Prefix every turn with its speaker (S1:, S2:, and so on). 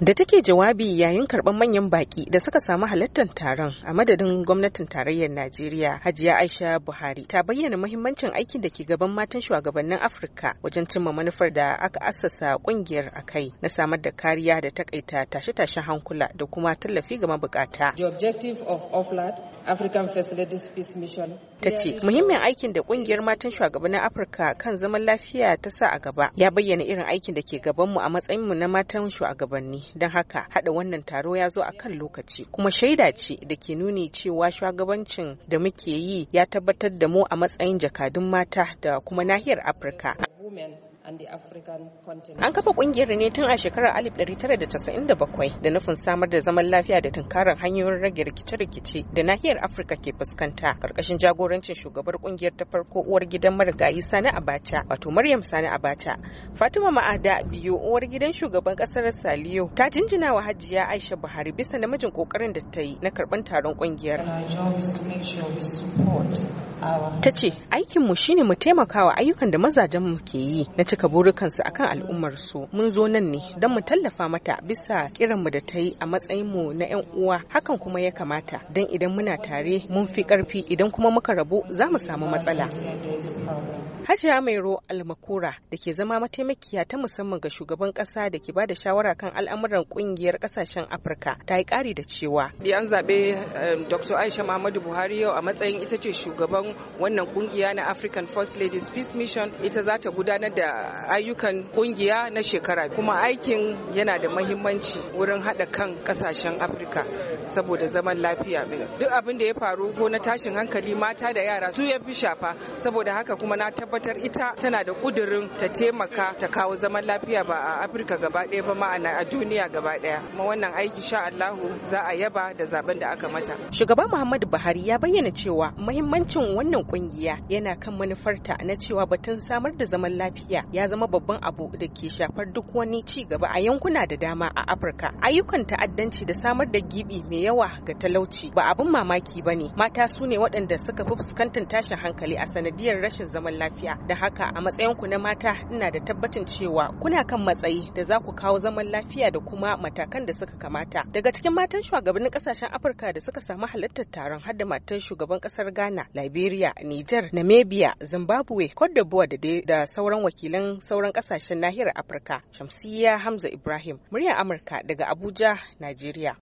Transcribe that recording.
S1: da take jawabi yayin karɓar manyan baƙi da suka samu halartar taron a madadin gwamnatin tarayyar najeriya hajiya aisha buhari ta bayyana muhimmancin aikin da ke gaban matan shugabannin afirka wajen cimma manufar da aka assasa kungiyar a kai na samar da kariya da takaita tashe-tashen hankula da kuma tallafi ga mabukata the of african facilities ta ce muhimmin aikin da kungiyar matan shugabannin afirka kan zaman lafiya ta sa a gaba ya bayyana irin aikin da ke gabanmu a matsayinmu na matan shugabanni don haka hada wannan taro ya zo a kan lokaci kuma shaida ce da ke nuni cewa shugabancin da muke yi ya tabbatar da mu a matsayin jakadun mata da kuma nahiyar afirka
S2: An kafa kungiyar
S1: ne tun a shekarar 1997 da nufin samar da zaman lafiya da tunkarar hanyoyin rage rikice-rikice da nahiyar Afirka ke fuskanta karkashin jagorancin shugabar kungiyar ta farko uwar gidan marigayi Sani Abacha wato Maryam Sani Abacha. Fatima Ma'ada biyu uwar gidan shugaban kasar Saliyo ta jinjina wa Hajjiya Aisha Buhari bisa namijin kokarin da ta yi na karban taron kungiyar. ta ce aikinmu shine mu taimaka wa ayyukan da mazajen mu ke yi na cika burukansu akan al'ummar su mun zo nan ne don mu tallafa mata bisa kiran mu da ta yi a matsayin mu na 'yan uwa hakan kuma ya kamata don idan muna tare mun fi karfi idan kuma muka rabu za mu samu matsala Hajiya Mairo Almakura da ke zama mataimakiya ta musamman ga shugaban kasa da ke bada shawara kan al'amuran kungiyar kasashen Afirka ta yi kari da cewa.
S2: An zaɓe eh, Dr. Aisha Muhammadu Buhari yau a matsayin ita ce shugaban mu wannan kungiya na African First Ladies Peace Mission ita za ta gudanar da ayyukan kungiya na shekara kuma aikin yana da mahimmanci wurin haɗa kan ƙasashen Afirka saboda zaman lafiya mai duk abin da ya faru ko na tashin hankali mata da yara su ya fi shafa saboda haka kuma na tabbatar ita tana da kudirin ta taimaka ta kawo zaman lafiya ba a Afirka gaba ɗaya ba ma'ana a duniya gaba ɗaya kuma wannan aiki sha Allahu za a yaba da zaben da aka mata shugaba Muhammadu Buhari
S1: ya bayyana cewa muhimmancin wannan kungiya yana kan manufarta na cewa batun samar da zaman lafiya ya zama babban abu da ke shafar duk wani ci gaba a yankuna da dama a Afirka. Ayyukan ta'addanci da samar da gibi mai yawa ga talauci ba abin mamaki ba ne. Mata su ne waɗanda suka fi fuskantar tashin hankali a sanadiyar rashin zaman lafiya. Da haka a matsayin ku na mata ina da tabbacin cewa kuna kan matsayi da za ku kawo zaman lafiya da kuma matakan da suka kamata. Daga cikin matan shugabannin kasashen Afirka da suka samu halartar taron har da matan shugaban ƙasar Ghana, Liberia, Najeriya, Nijar, Namibia, Zimbabwe, Cote d'Ivoire da sauran wakilan sauran kasashen nahiyar Afirka. Shamsiyya Hamza Ibrahim, murya Amurka daga Abuja, Najeriya.